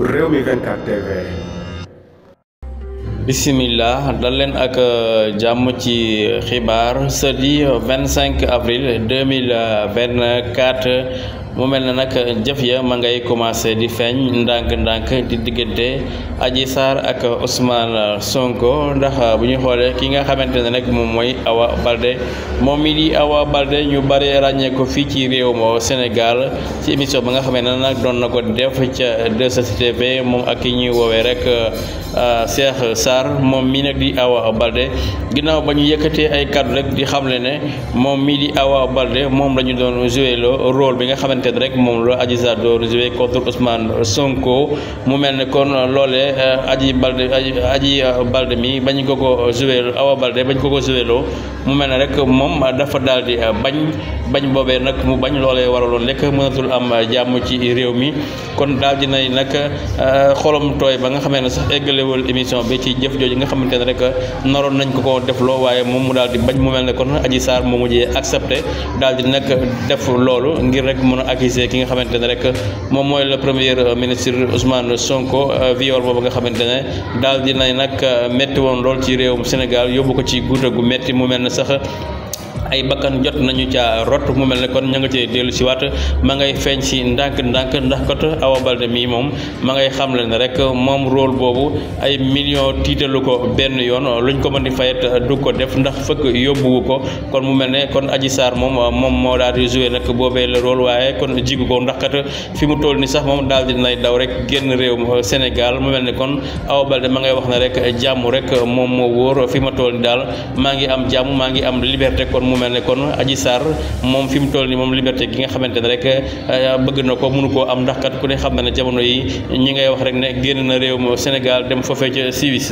réew mi 24 leen ak euh, jàmm ci euh, xibaar sedi 25 euh, avril 2024. mu mel na nag jëf ya ma ngay commencé di feeñ ndànk-ndànk di diggante aji Sarr ak Ousmane Sonko ndax bu ñu xoolee ki nga xamante ne nag moom mooy Awa Balde moom mi di Awa Balde ñu bare ràññee fii ci réew mo Sénégal émission ba nga xamee ne nag doon na ko def ca 2STV moom ak ki ñuy woowee rek euh, Cheikh Sarr moom mi nag di Awa Balde ginnaaw ba ñu yëkkatee ay kat rek di xamle ne moom mi di Awa Balde moom la ñu doon joué le bi nga xamante xamante ne rek moom la Adji Sarr doon joué contre mu mel ne kon loolee eh, Adji Balde Adji eh, Balde mi bañ ko ko joué Awa Balde bañ ko ko joué loo mu mel ne rek moom dafa daal di eh, bañ bañ boobee nag mu bañ loole waraloon lekk mënatul am jàmm ci réew mi kon daal di nay nag xolom tooy ba nga xamee ne sax eggalewul émission bi ci jëf jooju nga xamante ne rek naroon nañ ko ko defloo waaye moom mu daal di bañ mu mel ne kon aji Sarr mu mujjee accepté daal di def loolu ngir rek mën accusé ki nga xamante ne rek moom mooy le premier euh, ministre Ousmane Sonko euh, viol boobu nga xamante ne daal nay nag euh, métti woon lool ci réewum Sénégal yóbbu ko ci guuta gu métti mu mel na sax ay bakkan jot nañu ca rot mu mel ne kon ña nga cee dellu si waat ma ngay feeñ si ndànk-ndànk ndax kot Awa Balde mii moom ma ngay xam leen rek moom rool boobu ay million tiitalu ko benn yoon luñ ko mën di fayet du ko def ndax fëkk yóbbuwu ko kon mu mel ne kon Adji Sarr moom moom moo daal di joué nag boobee la rôle waaye kon jigu ko ndax kat fi mu toll ni sax moom daal di nay daw rek génn réew Sénégal mu mel ne kon Awa Balde ma ngay wax na rek jàmm rek moom moo wóor fi ma toll ni daal maa ngi am jàmm maa ngi am liberté kon mel ne kon aji saar moom fi mu toll ni moom liberté gi nga xamante ne rek euh, bëgg na ko mënu koo am ndax kat ku ne xam na ne jamono yi ñi ngay wax rek ne génn na réew mu Sénégal dem foofee ca siwis